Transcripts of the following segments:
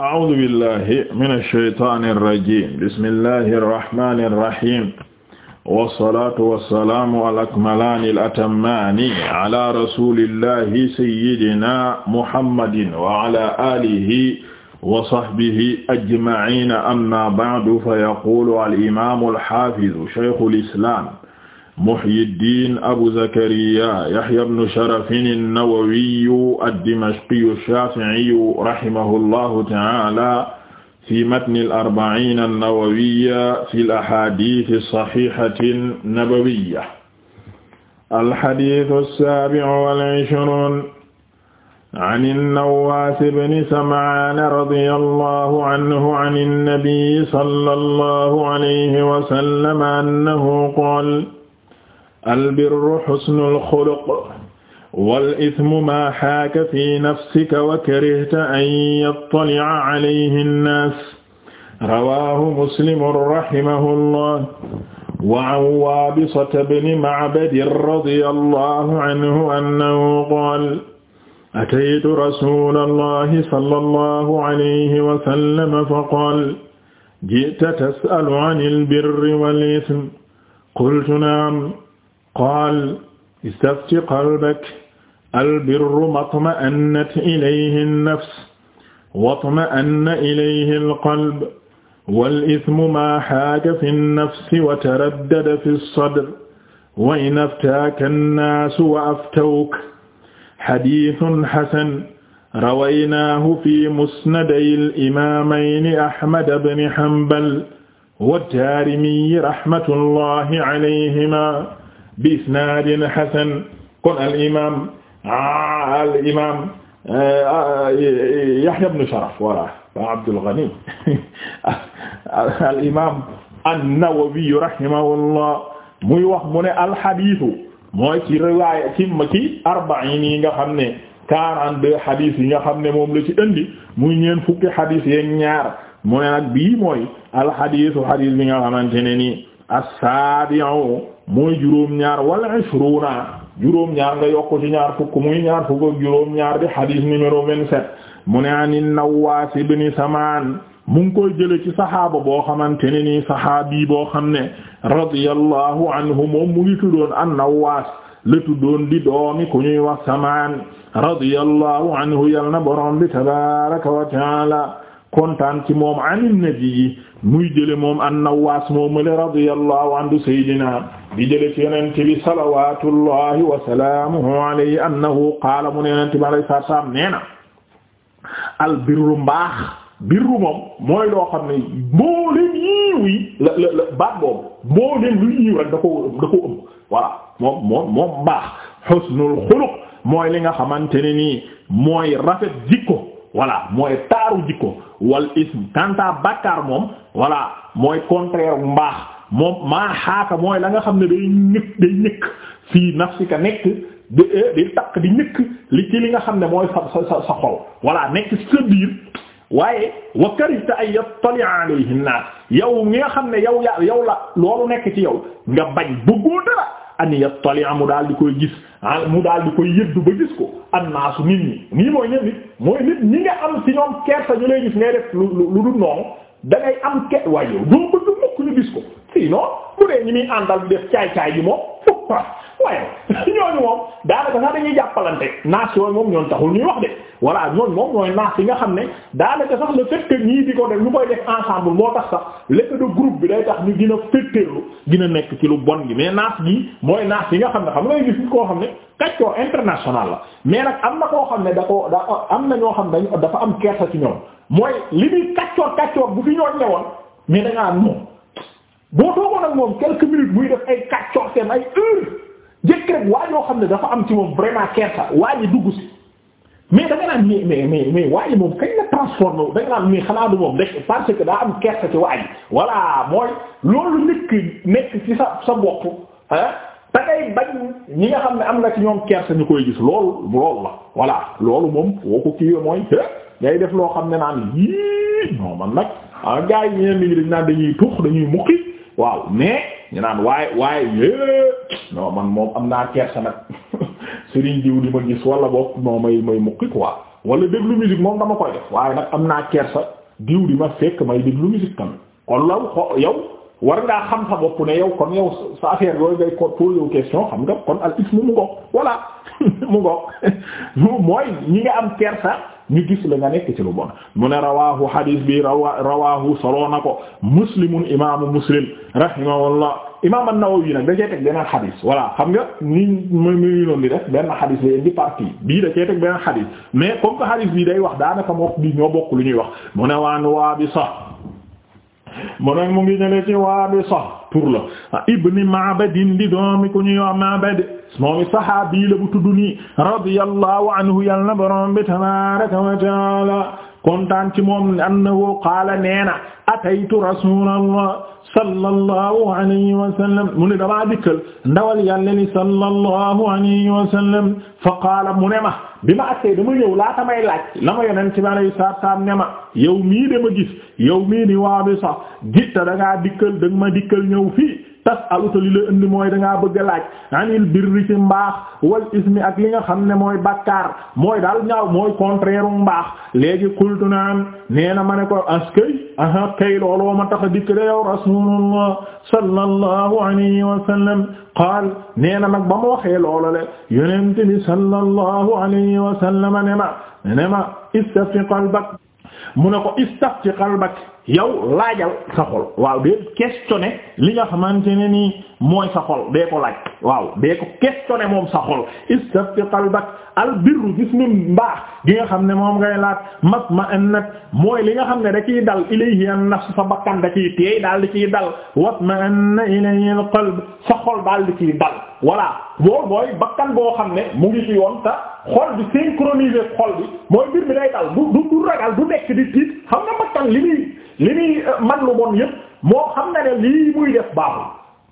أعوذ بالله من الشيطان الرجيم بسم الله الرحمن الرحيم والصلاة والسلام الأكملان الأتمان على رسول الله سيدنا محمد وعلى آله وصحبه أجمعين أما بعد فيقول الإمام الحافظ شيخ الإسلام Muhyiddin Abu Zakariya Yahya ibn Sharaf an-Nawawi ad-Dimashqi ash-Shafi'i rahimahullahu ta'ala fi matn al-arba'iin an-nawawiyya fi al-ahaadiith as-sahiihati an-nabawiyya. Al-hadiith as-saabi' wal-'ishruun 'an an-Nawwaas ibn Sam'aan radiyallahu 'anhu 'an an-nabiy sallallahu 'alayhi wa sallam annahu qaala albirru xusnul xuluq wal ismu maa xaaka fi nafsika wa karihta an yattali'a alayhi nnaas rawaahu muslimun rahimahullah wa an Waabisata bni Ma'badin radiyallahu anhu annahu qaala ataytu rasuulallahi sallallahu alayhi wa sallam faqaala ji'ta tas'alu anil birri wal ismi qultu na'am qaal istafti qalbak albirru matma'annat ilayhi an-nafs watma'anna ilayhi al-qalb wal-ithmu maa haaja fi an-nafsi wa taraddada fi as-sadr wa in aftaaka an-naasu wa aftawka hadiithun hasan rawaynaahu fi musnaday al-imaamayni ahmad ibn hanbal wa ad-daarimi rahmatullahi alayhimaa bi isnaadin hasan kon al imaam al imaam eh, Yahya ibn Sharaf voilà Abdul Ghani al imaam an-Nawawi rahimahullah muy wax mu ne al hadiisu mooy ci riwaaya ci ma ci arba'iin yi nga xam ne quarante-deux hadis yi nga xam ne moom la ci indi muy ñeen fukki hadis yeeg ñaar mu ne nag bii mooy al hadiisu hadis bi nga xamante ne nii as-saabi'u mooy juróom-ñaar wala ishruuna juróom-ñaar nga yokk ci ñaar fukk muy ñaar fukk ak juróom-ñaar di xadiis numéro vingt-sept mu ne ani Nawwaas ibn Samaan mu ngi koy jële ci saxaaba boo xamante ne nii saxaabi boo xam ne radiyallahu anhu moom mu ngi tuddoon an-Nawwaas la tuddoon di doomi ku ñuy wax Samaan radiyallahu anhu yal na bi tabaaraka wa kontaan ci moom anin nabi muy jële moom an-Nawwaas moomale radiyallahu anhu sayyidina di jële ci yonente bi salawatullahi wa salaamuhu alayhi annahu qaala mu ne yonente bi alayhi salaatu salaam nee na al birru mbaax birru moom mooy loo xam ne moo leen yiiw yi la la la baat boobu moo leen lu yiiw rek da ko da ko ëmb voilà moom moom moom mbaax xusnul xuluq mooy li nga xamante ne nii mooy rafet jikko voilà mooy taaru jikko wal ism kanta bàkkaar moom voilà mooy contraire mbaax moom maa xaaka mooy la nga xam ne day nëkk day nëkk fii nafsika nekk di eh, di takk di nëkk li ci li nga xam ne mooy sa sa sa nekk sa biir waaye wa karita ay yattali alayhi an-nas yow nga xam ne yow ya yow loolu nekk ci yow nga bañ bëggoo dara an yattali'a mu daal di koy gis ah, mu daal di koy yëddu ba gis ko annaasu nit ñi nii mooy ñen nit mooy nit ñi nga am ci ñoom kersa ñu lay gis ngay def lu lu dul noonu da am ket waaye yow doo bëgg mukk ñu gis ko sinon bu dee ñi muy àndal di def caay-caay yi moom waaye ñooñu moom daanaka sax dañuy jàppalante naas yooyu moom ñoon taxul ñuy wax de voilà ñoom moom mooy naaf yi nga xam ne daanaka sax le fait que ñii di ko def ñu koy def ensemble moo tax sax l'effet de groupe bi day tax ñu gën a féttéerlu gën nekk ci lu bon gi mais naaf gi mooy naaf yi nga xam ne xam ngay gis koo xam ne kaccoo international la mais nag am na koo xam ne da ko am na ñoo xam dañ dafa am kersa ci ñoom mooy li muy kaccoor kaccoor bu fi ñooñ ñëwoon mais da ngaa moom boo toogoon ak moom quelques minutes muy def ay kaccoor seen ay heure jëkk rek waa ñoo xam ne dafa am ci moom vraiment kersa waa ji dugg si mais da nga naan mais mais mais moom kañ la transformé wu naan mais xanaa du moom rek parce que daa am kersa ci waa ji voilà mooy loolu nekk nekk ci sa sa bopp ah da bañ ñi nga xam ne am na ci ñoom kersa ñu koy gis loolu loolu la voilà loolu moom woo ko kii mooy ngay def loo xam ne naan yii non man nag ah gars yi ñeneen ñi naan dañuy tuux dañuy muqi waaw mais ñu naan waaye waaye non man moom am naa kersa nag. diw di ma gis wala boog non may may muqi quoi wala déglu musique moom dama koy def waaye nag am naa kersa diw di ma fekk may déglu musique tamit kon law xo yow war ngaa xam sa bopp ne yow kon yow sa affaire yooyu ngay ko posé wu question xam nga kon al ismu mu ngoog voilà mu ngoog mooy ñi nga am kersa ñu gis la nga nekk ci lu bon mu ne rawahu hadis bi rawahu solo na ko muslimun imaamu muslim rahimahullah imaam an-Nawawi nag da cee teg beneen xadis voilà xam nga ni mu ngi doon di def benn xadis lay indi partie bii da cee teg beneen xadis mais comme que xadis bii day wax daanaka moo bi ñoo bokk lu ñuy wax mu ne waan waa bi sax mu ne mu ngi bi la ah, ibni Ma'badin di doomi ku ñuy yal na bi tabaaraka wa ta'aala kontaan moom annahu qaala nee na ataytu rasuulallah sallallahu alayhi wa sallam mu ne damaa dikkal ndawal yàlla li sallallahu alayhi qaala mu ne ma bi ma agsee dama ñëw laata may laaj la ma yonent bi alayhi ne ma yow mii dama gis yow mii di waabi sax gitta dikkal da ma dikkal ñëw fii tas aluta la indi mooy da ngaa bëgg a laaj anil birri ci mbaax wal ismi ak li nga xam ne mooy bakkaar mooy daal ñaaw mooy contraire mbaax léegi kultu naan nee na ma ne ko askay aha kay looloo ma tax a dikk de yow rasulullah sallallahu alayhi qaal nee na ba ma waxee loola le yonent bi sallallahu alayhi wa ne ma ne qalbak mu ne ko istafti qalbak yow laajal sa xol waaw dee questionner li nga xamante ne nii mooy sa xol dee ko laaj waaw dee ko questionner moom sa xol istafti qalbak al birru gis ni mbaax gi nga xam ne moom ngay laaj mat ma annat mooy li nga xam ne da ciy dal ilayhi an nafs sa bakkan da ciy teey daal di ciy dal wat ma anna ilayhi al qalb sa xol daal di ciy dal voilà loolu mooy bakkan boo xam ne mu ngi ci yoon ta xol bi synchronisé xol bi mooy mbir mi day dal du du ragal du nekk li muy euh, man lu bon yëpp moo xam na ne lii muy def baaxul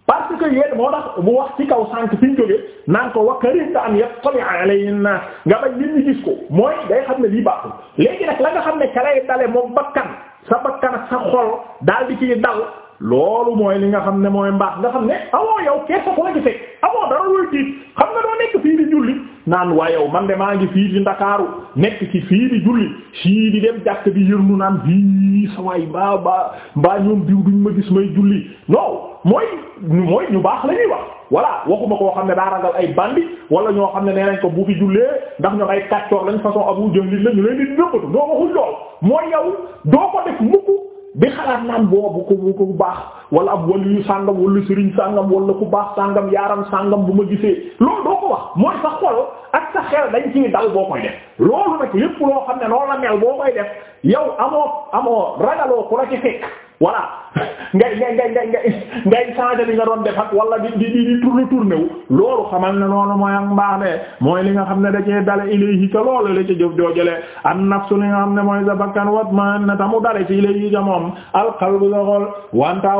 parce que yéen moo tax mu wax ci kaw sant fi ñu jógee naan ko wa karihta an yattali alayhi an-nas nga bañ ni ñi ko mooy day xam ne lii baaxul léegi nag la nga xam ne ka lay dale moom bakkan sa bakkan ak sa xol daal di ciy dal loolu mooy li nga xam ne mooy mbaax nga xam ne amoo yow kees a ko gisee amoo dara looy tiit xam nga doo nekk fii di julli naan waa yow man de maa ngi fii di ndakaaru nekk ci fii di julli sii di dem jàkk di yërnu naan bii sa waay mbaa mbaa mbaa ñoom diw duñ ma gis may julli non mooy mooy ñu baax la ñuy wax voilà waxuma koo xam ne daa ragal ay bandi wala ñoo xam ne nee nañ ko bu fi jullee ndax ñoom ay kàccoor lañ façon abu jël nit la leen di yow bi xalaat naan boobu ku ku baax wala ab waliyu sàngam wala sëriñ sàngam wala ku baax sàngam yaaram sàngam bu ma gisee loolu doo ko wax mooy sa xol ak sa xel dañ ciy dal boo koy def loolu nag lépp loo xam ne noonu la mel boo koy def yow amoo amoo ragaloo ku la ci fekk voilà ngay ngay ngay ngay ngay ngay changer li nga wala di di di tourne tourne wu loolu ne loolu mooy ak mbaax li nga xam ne da cee dale ilayhi la ca jëf joojale an nafsu li nga xam ne mooy sa bakkan wat man na tamu dale ci ilayhi ca moom al qalbu sa xol wanta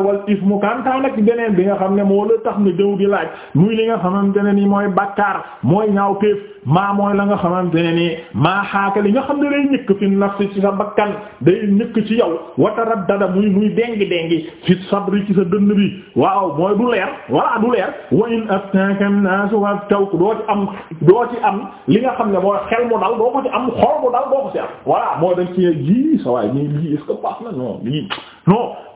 bi nga xam ne moo la tax nga jëw di laaj muy li nga xamante ne mooy bakkaar mooy ñaaw téef maa mooy la nga xamante ne nii maa xaaka li nga xam ne day ñëkk fi nafsi ci sa bakkan day ñëkk ci yow wataraddada muy muy déng déng lengi fi sabri ci sa dënn bi waaw mooy du leer walla du leer wa in aftaka naasu aftaw doo ci am doo ci am li nga xam ne mooy xel mu dal doo ko ci am xol mu dal doo ko ci am voilà mooy ci ji sa waay ñii lii est-ce que baax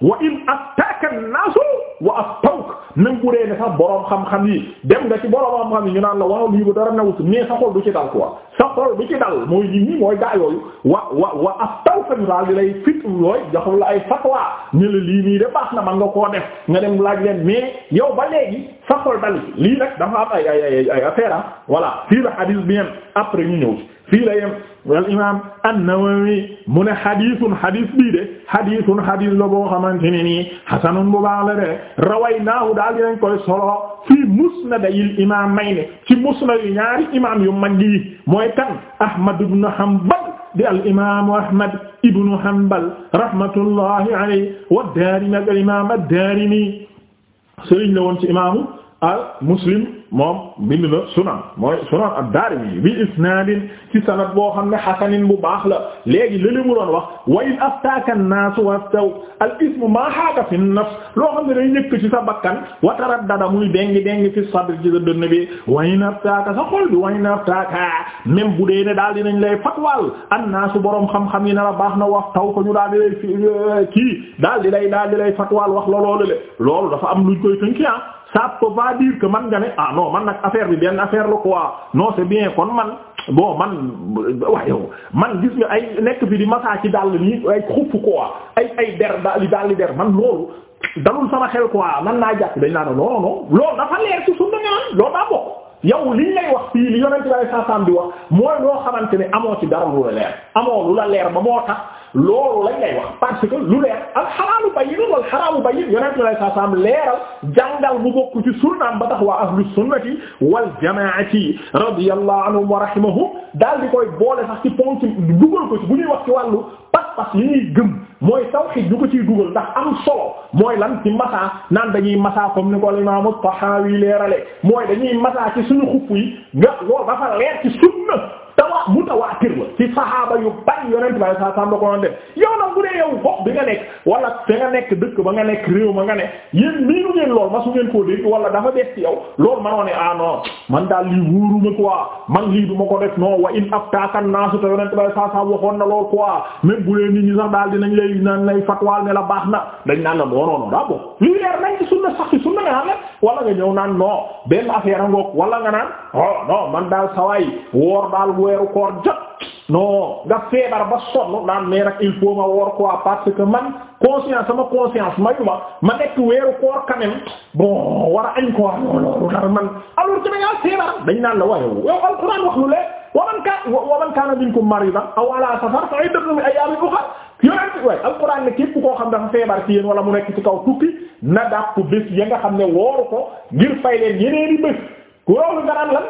wa in aftaka naasu wa aftaw nang bu dee ne sax boroom xam-xam yi ci boroom xam-xam ñu naan la dal mooy ñi ñi mooy gaa yooyu wa wa wa aftaw ka ñu daal lay fit yooyu joxam la ay fatwa ñu la lii lii nii de baax na man nga def nga dem laaj leen mais yow ba léegi sa xol dal lii nag dafa am ay ay ay affaire ah voilà fii la hadis bi yem après ñu ñëw fii la yem wal imam an-Nawawi mu ne xadisun xadis bii de xadisun xadis la boo xamante ne xasanun bu baax la de rawaynaahu daal dinañ koy solo fii musnadayil imamayni ci musnad yu ñaari imam yu mag yi mooy kan Ahmad ibn Hanbal di al imaamu Ahmad ibnu Hanbal rahmatullahi alayhi wa Daarimi ak al imaam ad-Daarimi sëriñ la woon ci imaamu al muslim moom bind na sunan mooy sunan ad-Daarimi bi isnaadin ci sanad boo xam ne xasanin bu baax la léegi li mu doon wax wa in aftaaka an-naasu waftaw al ismu maa haaka fi nafs loo xam ne day nekk ci sa bakkan wa taraddada muy dengi dengi fi sa dënn bi wa in aftaaka sa xol bi wa in aftaaka même bu dee ne daal dinañ lay fatwaal an-naasu boroom xam-xam yi na la baax na waftaw ko ñu daal di lay eh, kii daal di lay daal di lay fatwaal wax la loolu le loolu dafa am luñ koy tënki ah ça peut pas dire que man nga ne ah non man nag affaire bi benn affaire la quoi non c'est bien kon man bon man waaye yow man gis nga ay nekk fi di masaa ci dàll ni ay ko quoi ay ay der dali daalli der man loolu dalul sama xel quoi man naa jàpp dañ naa ne non non loolu dafa leer ci sunna naan loolu daa bokk yow liñ lay wax fii li yonent bi sallallahu alayhi wasallam bi wax mooy loo xamante ne amoo ci dara la leer amoo lu la leer ba moo tax loolu lañ wax parce que lu leer al xalaalu bayyin wal xaraamu bayyin yonent bi sallallahu alayhi wasallam leeral jàngal bu bokk ci sunnaam ba tax waa ahlu sunnati wal jamaati radiyallahu anhum wa rahimahum daal di koy boole sax ci ponk dugal ko ci bu ñuy wax ci wàllu pas-pas yi ñuy gëm mooy tawhid ñu ko ciy dugal ndax am solo mooy lan ci masaa naan dañuy masaa comme ni ko Imaam Tahawi leerale mooy dañuy masaa ci suñu xupp yi nga loolu dafa leer ci sunna tawa mutawaatir la ci saxaaba yu bari yonent ba saa sàmm ko doon def yow nag bu dee yow gox bi nga nekk wala fi nga nekk dëkk ba nga nekk réew ma nga ne yéen miinu ngeen lool masu ngeen koo dégg wala dafa des ci yow loolu manoo ne ah non man daal lii wóoruma quoi man lii du ma ko def non wa in aftaakan naasu te yonent ba saa sàmm waxoon na lool quoi même bu dee nit ñi sax daal dinañ lay naan lay fatwaal ne la baax na dañ naan la non non non daa bokk li leer nañ ci sunna sax ci sunna nga xam ne wala nga ñëw naan non benn affaire a ngoog wala nga naan oh non man daal sawaay woor daal weeru koor jot non nga feebar ba sonn naan mais nag il faut ma woor quoi parce que man conscience sama conscience mayu ma ma nekk weeru koor quand même war a añ quoi non non man alors que da ngaa feebar dañ naan la waaye yow alxuraan wax lu leer wa man kaana wa man kaana minkum mariidan aw alaa safar fa iddatun min ayyaamin ukhar yonent waaye alxuraan ne képp koo xam ne dafa feebar fi yéen wala mu nekk ci kaw tukki na dàpp bés ya nga xam ne wooru ko ngir fay leen yeneeni bés ku loolu garaan lan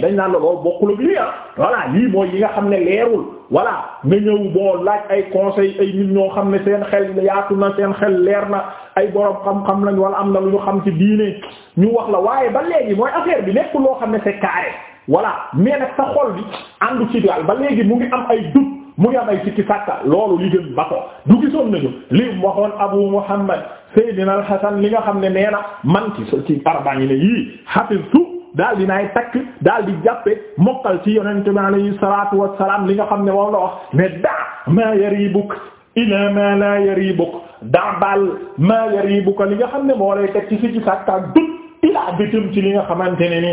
dañ naan la loolu bokkul ak lii ah voilà lii mooy yi nga xam ne leerul voilà nga ñëw boo laaj ay conseil ay nit ñoo xam ne seen xel yaatu na seen xel leer na ay borom xam-xam lañ wala am na lu ñu xam ci diine ñu wax la waaye ba léegi mooy affaire bi nekkul loo xam ne c'est carré voilà mais nag sa xol bi àndu ci daal ba léegi mu ngi am ay doute mu ngi am ay sikki sàkka loolu li gën ba ko du gisoon nañu li waxoon Abu Muhammad Seydina al-Hasan li nga xam ne nee na man sol ci arba'in yi hafiztu daal di naay takk daal di jàppe mokkal ci yonent bi alayhi salaatu wassalaam li nga xam ne moom la wax ne da' ma yaribuk ila ma la yaribuk da' bal ma yaribuk li nga xam ne moo lay teg ci fi dut ilaa bëtam ci li nga xamante ne ni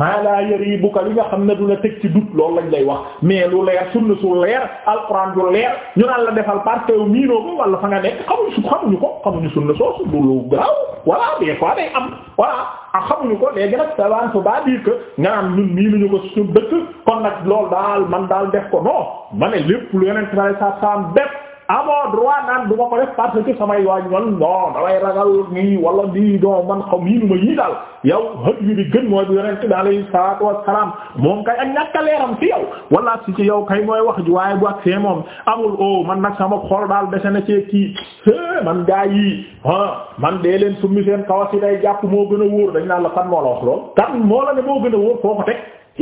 maa laa yaribuka li nga xam ne du la teg ci dut loolu lañ lay wax mais lu leer sunna su leer alxuraan du leer ñu naan la defal parte wu miinoo su xamuñu ko du lu gaaw voilà des fois am a ah xamuñu ko léegi nag ça va pas dire que nga naan ñun miinuñu ko suñu dëkk kon nag loolu daal man daal def ko non ma lépp lu yeneen sa saam bépp amoo droit naan du ma ko def parce que samay waa ñoon non damay ragal nii wala di don man xaw ma yéenuma yii daal yow xët yi di gën mooy bi yonent bi alayhi salaatu wassalaam moom kay ak ñàkk a leeram ci yow wala si ci yow kay mooy wax ji waaye bu ak see moom amul o oh, man nag sama xool daal dese na cee kii man gaa yi ah man dee leen summi seen kawas yi day jàpp moo gën a wóor dañ naan la fan moo la wax lool kan moo la ne moo gën a wóor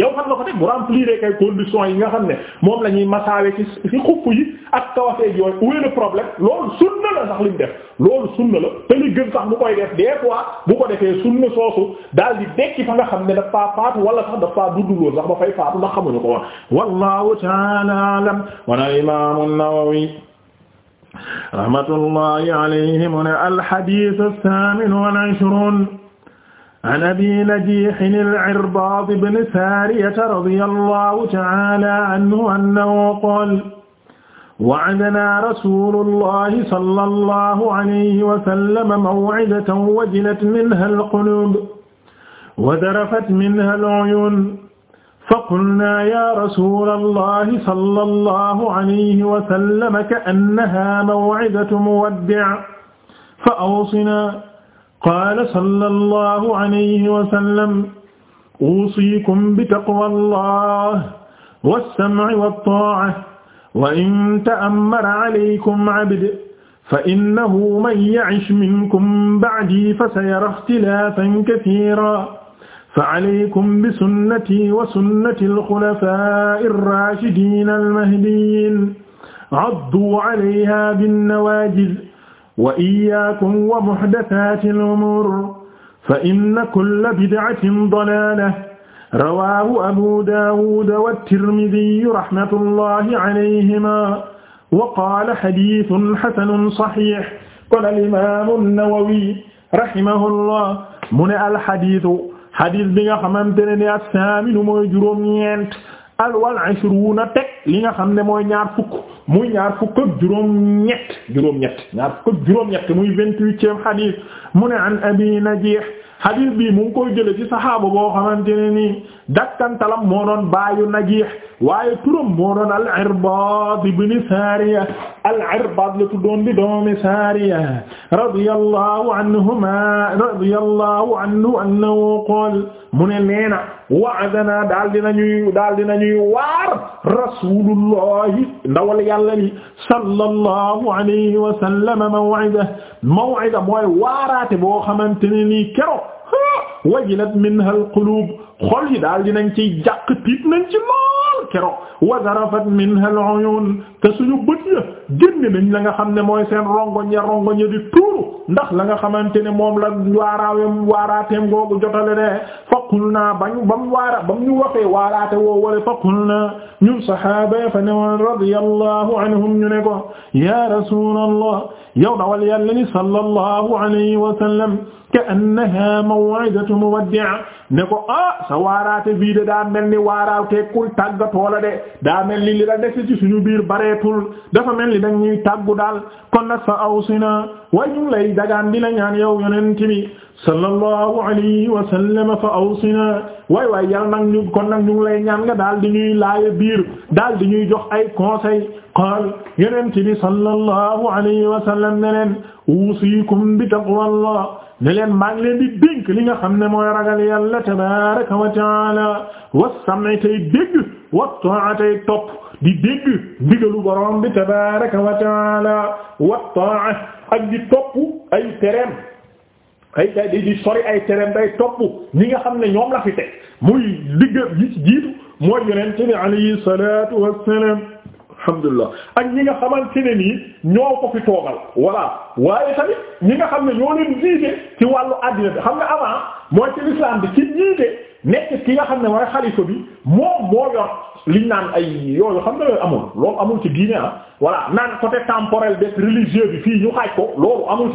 yow xam nga ko teg bu remplir kay conditions yi nga xam ne moom la ñuy masaawe ci ci xupp yi ak kawafeeg yooyu où est le problème loolu sunna la sax li mu def loolu sunna la te li gën sax bu koy def des fois bu ko defee sunna soosu daal di dekki fa nga xam ne dafa faatu wala sax dafa dudd loolu sax ba fay faatu ndax xamuñu ko woon wallahu ta'ala alam wana imam an-Nawawi rahmatullahi alayhi mu ne al-hadith as-samin wal 'ishrun an abi najihin al-Irbaad ibn Saariyata radiyallahu ta'aala anhu annahu qaala wa'adanaa rasuulullahi sallallahu alayhi wa sallam maw'idatan wajilat minhaa al-quluub wa darafat minhaa al-'uyuun faqulnaa yaa rasuulallahi sallallahu alayhi wa sallam ka'annahaa maw'idatu muwaddi' fa awsinaa qaala sallallahu alayhi wa sallam uusiikum bitaqwa allah wassamci wattaaca wa in ta'ammara alaykum cabd fa innahu man yacish minkum bacdii fasayara ixtilaafan kasiiran facalaykum bisunnatii wa sunnati alxulafaa'i arraashidiina almahdiyyiin cadduu calayhaa binnawaajiz wa iyyaakum wa muhdathaatil umuur fa inna kulla bid'atin dalaala rawaahu abu daawud wat-tirmidhi rahmatullahi alayhimaa wa qaala hadiisun hasanun sahiih qaala al-imaamu an-nawawi rahimahullah mu ne al-hadiisu hadiis bi nga xamante ne ni as-saaminu mooy juróom-ñeent alwal ashruuna teg li nga xam ne mooy ñaar fukk muy ñaar fukk ak juróom muy vingt-huitième xadiis mu ne an abi najiix xadiis mu ngi jële ci saxaaba boo xamante ne nii dakkantalam moo doon baayu najiix waaye turam moo doon al irbaad ibn saariya al irbaad la tuddoon di doomi saariya radiyallahu anhuma radiyallahu anhu annahu qaala mu ne neena wa'adana daal dina ñuy daal dina ñuy waar rasulullahi ndawal yàlla li sallallahu alayhi wa sallam maw'ida maw'ida mooy waaraate boo xamante ne nii kero wajilat minha alqulub xol yi daal dinañ ciy jàq tiit nañ ci lool kero wa zarafat minha al'uyun te suñu bët ya génn nañ la nga xam ne mooy seen rongoñ ya rongoñ ya di tuuru ndax la nga xamante ne moom la waaraaweem waaraateem googu jotale ne faqul naa bañ ba mu waara ba mu ñu waxee waaraate woo wale faqul naa ñun sahaaba ya fa newoon radiyallahu anhum ñu ne ko ya rasulallah yow dawal yàlla ni sallallahu alayhi wa sallam كأنها موعظة مودع ne ko ah sa waaraate bii de daa mel ni waaraaw tekkul tàggatoo la de daa mel ni li la dese ci suñu biir bareetul dafa mel ni dañuy tàggu daal kon nag fa awsina way ñu lay dagaan la ñaan yow yonent bi sallallahu alayhi wa sallam fa awsina waay waay yàlla nag ñu kon nag ñu ngi lay ñaan nga daal di ñuy laaya biir daal di ñuy jox ay conseil qaal yeneen ci bi sallallahu alayhi wa sallam ne leen uusikum bi taqwallah ne leen maa ngi leen di dénk li nga xam ne mooy ragal yàlla tabaraka wa taala wassam'i tay dégg wa ta'atay topp di dégg digalu borom bi tabaraka wa taala wa ta'a ak di topp ay tereem ay day di sori ay tereem day topp ñi nga xam ne ñoom la fi teg muy digg gi ci jiitu mooy yonent bi alayhi salaatu wassalaam alhamdulillah ak ñi nga xamante ne nii ñoo ko fi toogal voilà waaye tamit ñi nga xam ne ñoo leen jiite ci wàllu àddina bi xam nga avant mooy ci l'islam bi ci jiite nekk ki nga xam ne mooy xalifa bi moom moo yor liñ naan ay yooyu xam nga yooyu amul loolu amul ci diine ah voilà naan côté temporel des religieux bi fii ñu xaaj ko loolu amul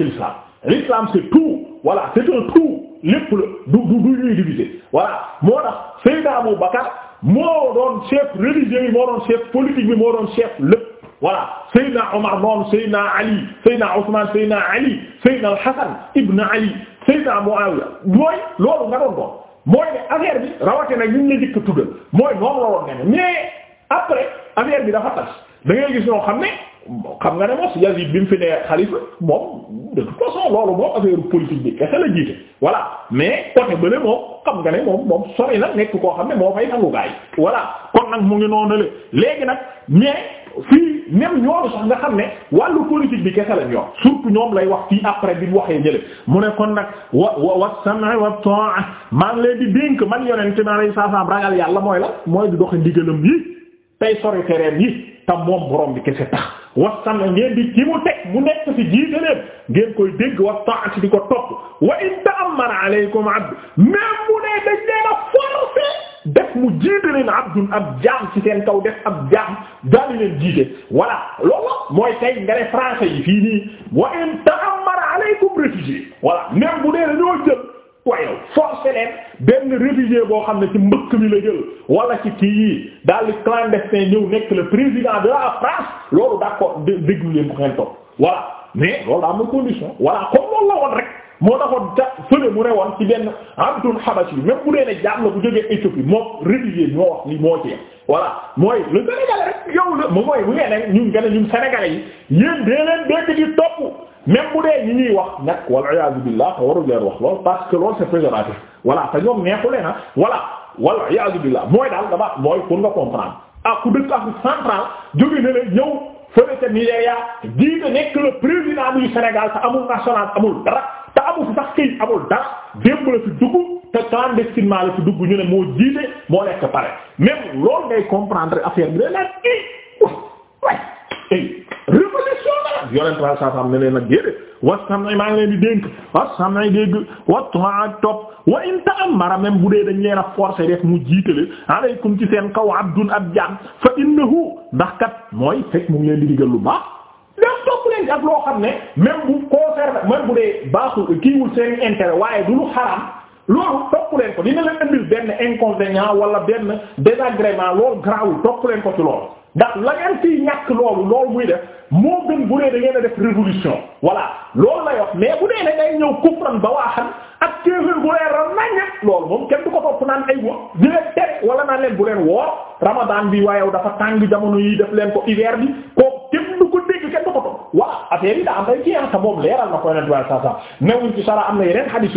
voilà c'est un tout lépp la du du du ñuy diviser voilà moo tax Seydina Abu Bakar moo doon chef religieux bi moo doon chef politique bi moo doon chef lépp voilà Seydina Omar noonu Seydina Ali Seydina Ousmane Seydina Ali Seydina Al-Hasan ibn Ali Seydina Muawiya mooy loolu nga doon doon mooy ne affaire bi rawatina ñu ne jëkk tuddal mooy noonu la doon mais après affaire bi dafa tas da ngay gis ñoo xam ne. xam nga ne mos Yazid bi mu fi nee xalifa moom de toute façon loolu moom affaire politique bi kese la jiite voilà mais côté bële moom xam nga ne moom moom sori na nekk koo xam ne moo fay nangu gaay voilà kon nag mu ngi noonu léegi nag mais fii même ñoom nga xam ne wàllu politique bi kese la ñoom lay wax fii après bi mu waxee ñële mu ne kon nag wa wa wa sam'i wa ta'a maa ngi leen di dénk man yonent naa lay saasaam ragal yàlla mooy la mooy di doxe ndigalam yi tey sori tereem yi tam moom borom bi kese tax. wasana ngeen di ci mu teg mu nekk ci jiite leen ngeen koy dégg wa ta'ati di ko topp wa in ta'ammara alaykum abd même mu ne dañ leen a forcé def mu jiite leen abdun ab jaam ci seen kaw def ab jaam daal di leen jiite voilà loolu mooy tey nga ne français yi fii nii wa in ta'ammara alaykum réfugié voilà waaye forcé leen benn réfugié boo xam ne ci mbëkk mi la jël wala ci kii yi daal di clandestin ñëw nekk le président de la France loolu d'accord déglu leen bu ngeen topp voilà mais loolu daa am condition voilà comme moo taxoon ja mu ne woon ci benn Abdul Habashi même bu dee ne jaam la bu jógee Éthiopie moom réfugié ñoo wax moo ci voilà mooy le Sénégalais rek yow la mooy bu ngeen ñun gën a ñun Sénégalais yi yéen dee leen dégg di topp. même bu dee ñi ñuy wax nag wal iyaazu billah te waru leen wax lool parce que loolu c'est péjoratif voilà te ñoom neexulee na voilà wal iyaazu billah mooy daal dama mooy pour nga comprendre ah ku dëkk Afrique centrale jóge na la ñëw fële ca Nigéria jiite nekk le président du Sénégal te amul national amul dara te amul fi sax këy amul dara démb la fi dugg te clandestinement la fi dugg ñu ne moo jiite moo nekk pare même loolu ngay comprendre affaire bi day naan i way ay révolution la yonent trois cent am ne leen nag déedéet wasamay maa ngi leen di dénk wasamay dégg wattoi ak topp wa in ta'ammara bu dee dañ leen a forcé def mu jiitale alaykum ci seen kaw abdun ab jaam fa innahu ndax kat mooy fekk mu ngi leen di digal lu baax def topp leen xam ne même bu concerné kiiwul seen intérêt waaye du lu xaraam loolu topp leen ko dina leen indil benn inconvénient wala benn désagrément loolu grawul topp leen ko ci loolu ndax la ngeen fiy ñàkk loolu loolu muy def moo gën bu dee da ngeen a def révolution voilà loolu lay wax mais bu dee da ngay ñëw kufran ba waaxan ak kéefër bu leen ran naññet loolu moom kenn du ko topp naan ay wa di leen tere wala naan leen bu leen woor ramadan bi waayew dafa tàng jamono yi def leen ko hiver bi ko kenn du ko dégg kenn du ko topp waaw affaire yi daa am day jeex ah, te moom leeral na koy nen tuway sa sa newuñ ci sara am na yeneen hadith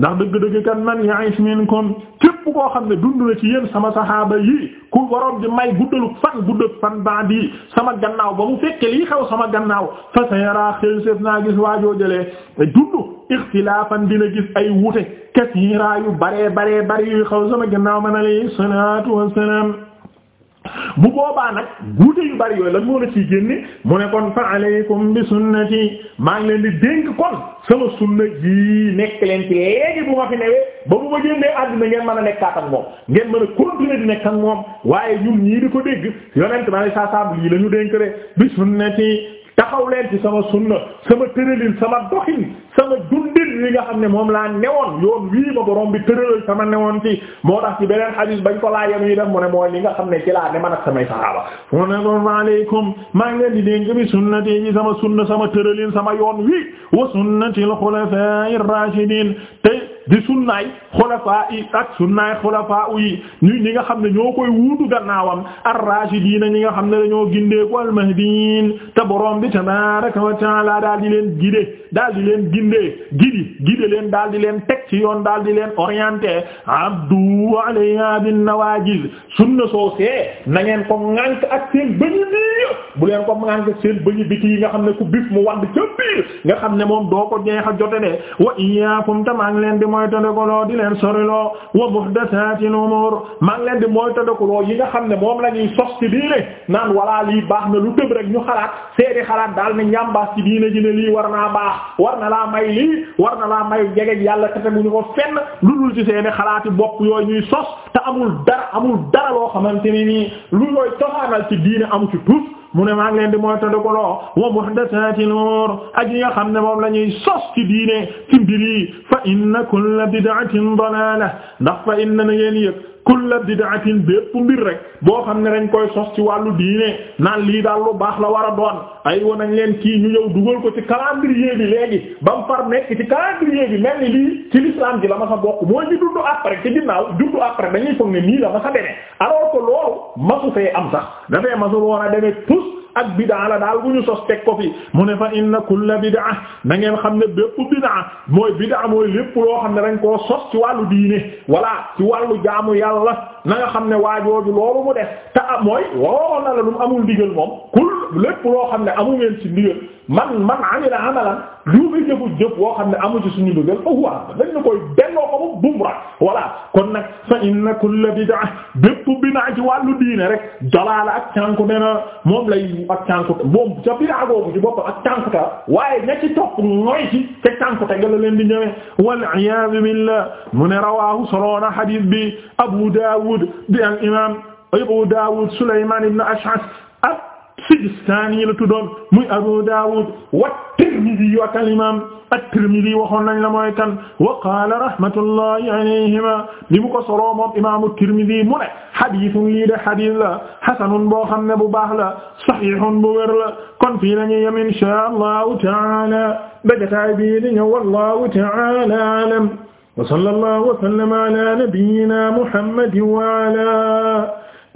ndax dëgg-dëgg kan man ya'ish minkum képp koo xam ne dund na ci yéen sama saxaaba yi ku waroon di may guddalu fan guddalu fan ba'di sama gannaaw ba mu fekke lii xew sama gannaaw fa sayara xëysef naa gis waajoo jëlee dund ixtilaafan dina gis ay wute kasiira yu baree bare bari yu xew sama gannaaw man ma alayhi salaatu wassalaam bu boobaa nag guute yu bari yooyu la moo la ciy génne mu ne kon fa alaykum bi sunnati maa ngi leen di dénk kon sama sunna ji nekk leen ci léegi bu ma fi newee ba bu ma génnee àddina ngeen mën a nekkaat ak moom ngeen mën a continuer di nekk ak moom waaye ñun ñii di ko dégg yonent ma ne saa saa bu lii la ñu dénk rek bi sunnati taxaw leen ci sama sunna sama tëralin sama doxin sama dundin li nga xam ne moom laa newoon yoon wii ma borom bi tëralal sama newoon ci moo tax ci beneen hadith bañ ko laa yenu yi def mu ne mooy li nga xam ne ci laa ne man ak samay saxaaba mu ne ko maaleykum maa ngi leen di dénk bi sunnati ci sama sunna sama tëralin sama yoon wii wa sunnatil xulafa'ir rashidin di sunnaay xulafaa yi ak sunnaay xulafaa yi ñi nga xam ne ñoo koy wuutu gannaawam ar ñi nga xam ne dañoo gindee ko al-mahdiyiin te borom bi tabaaraka wa ta'aala daal di leen gide daal di leen gindee gidi gide leen daal di leen teg ci yoon daal di leen orienté abdu alayha bin nawajiz sunna soosee na ngeen ko ŋànk ak bu leen ko ŋànk seen bëñu biti yi nga xam ne ku bis mu wadd ca biir nga xam ne moom doo ko jeex a jote de wa iyyakum ta maa ngi leen di moytandikuloo di leen soriloo wa muhdathatil umur maa ngi leen di moytandikuloo yi nga xam ne moom la ñuy sos ci diine naan walaa lii baax na lu tëb rek ñu xalaat seedi xalaat daal ne ñambaas ci diine naa baax war na laa may lii war laa may jegeeg yàlla te teguñu ko fenn lu dul ci seeni xalaati bopp yooyu ñuy sos te amul dara amul dara loo xamante ni nii lu looy cosaanal ci diine amu ci tuut mu ne maa ngi leen di mooy tëddakaloo wa muhdathatil umur ak yi nga xam ne moom la ñuy sos ci diine ci mbir yi fa inna kulla bid'atin dalalah ndax fa inna na ngeen yëg kulla bid'atin bépp mbir rek boo xam ne dañ koy sos ci wàllu diine naan lii daal lu baax la war a doon ay woon nañ leen kii ñu ñëw dugal ko ci calendrier bi léegi ba mu far nekk ci calendrier bi mel ni lii ci l'islam ji la ma sa bokk mooy ñu dund après ci ginnaaw dund après dañuy foog ne nii la ma sa demee alors que loolu masu fee am sax da dafay masu woon a demee tous ak bid'a la daal bu ñu sos teg ko fi mu ne fa inna kulla bid'a na ngeen xam ne bépp bid'a mooy bid'a mooy lépp loo xam ne dañ koo sos ci wàllu diine walla ci wàllu jaamu yàlla na nga xam ne waajooju loo mu def te mooy woo na la lu mu amul digal moom lépp loo xam ne amu ngeen ci ndigal man man amila amalan lu muy jëfu jëf woo xam ne amu ci suñu ndigal fa huwa dañu koy delloo ko bu bumra voilà kon nag fa inna kulla bid'a bépp bid'a ci wàllu diine rek dalaala ak cànku ne na moom lay ak cànku moom ca bid'a googu ci boppam ak cànkuta waaye ña ci topp ñooy ci te cànkuta nga la leen di ñëwee wal iyaadu billah mu ne rawaahu soloona hadith bi Abu Dawud bi al imam Abu Dawud Sulayman ibn Ash'ath Sijistaani la tuddoon muy Abu Daawud wa Tirmidi ak al-Imaam at-Tirmidi waxoon nañ la mooy kan wa qaala rahmatullahi alayhima bi mu ko soloo moom Imaamu Tirmidi mu ne hadiisun lii de hadiis la hasanun boo xam ne bu baax la sahiihun bu wér la kon fii la ñuy yem inshaa Allahu ta'aala bajataay bii di ñëw wallahu ta'aala a'lam wa sallallahu wa sallama ala nabiyyina Muhammadin wa ala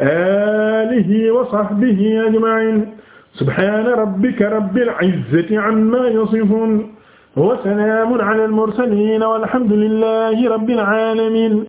alihi wa sahbihi ajma'in subhana rabbika rabbil izzati amma yasifun wa salamun ala al mursalin walhamdulillahi rabbil alamin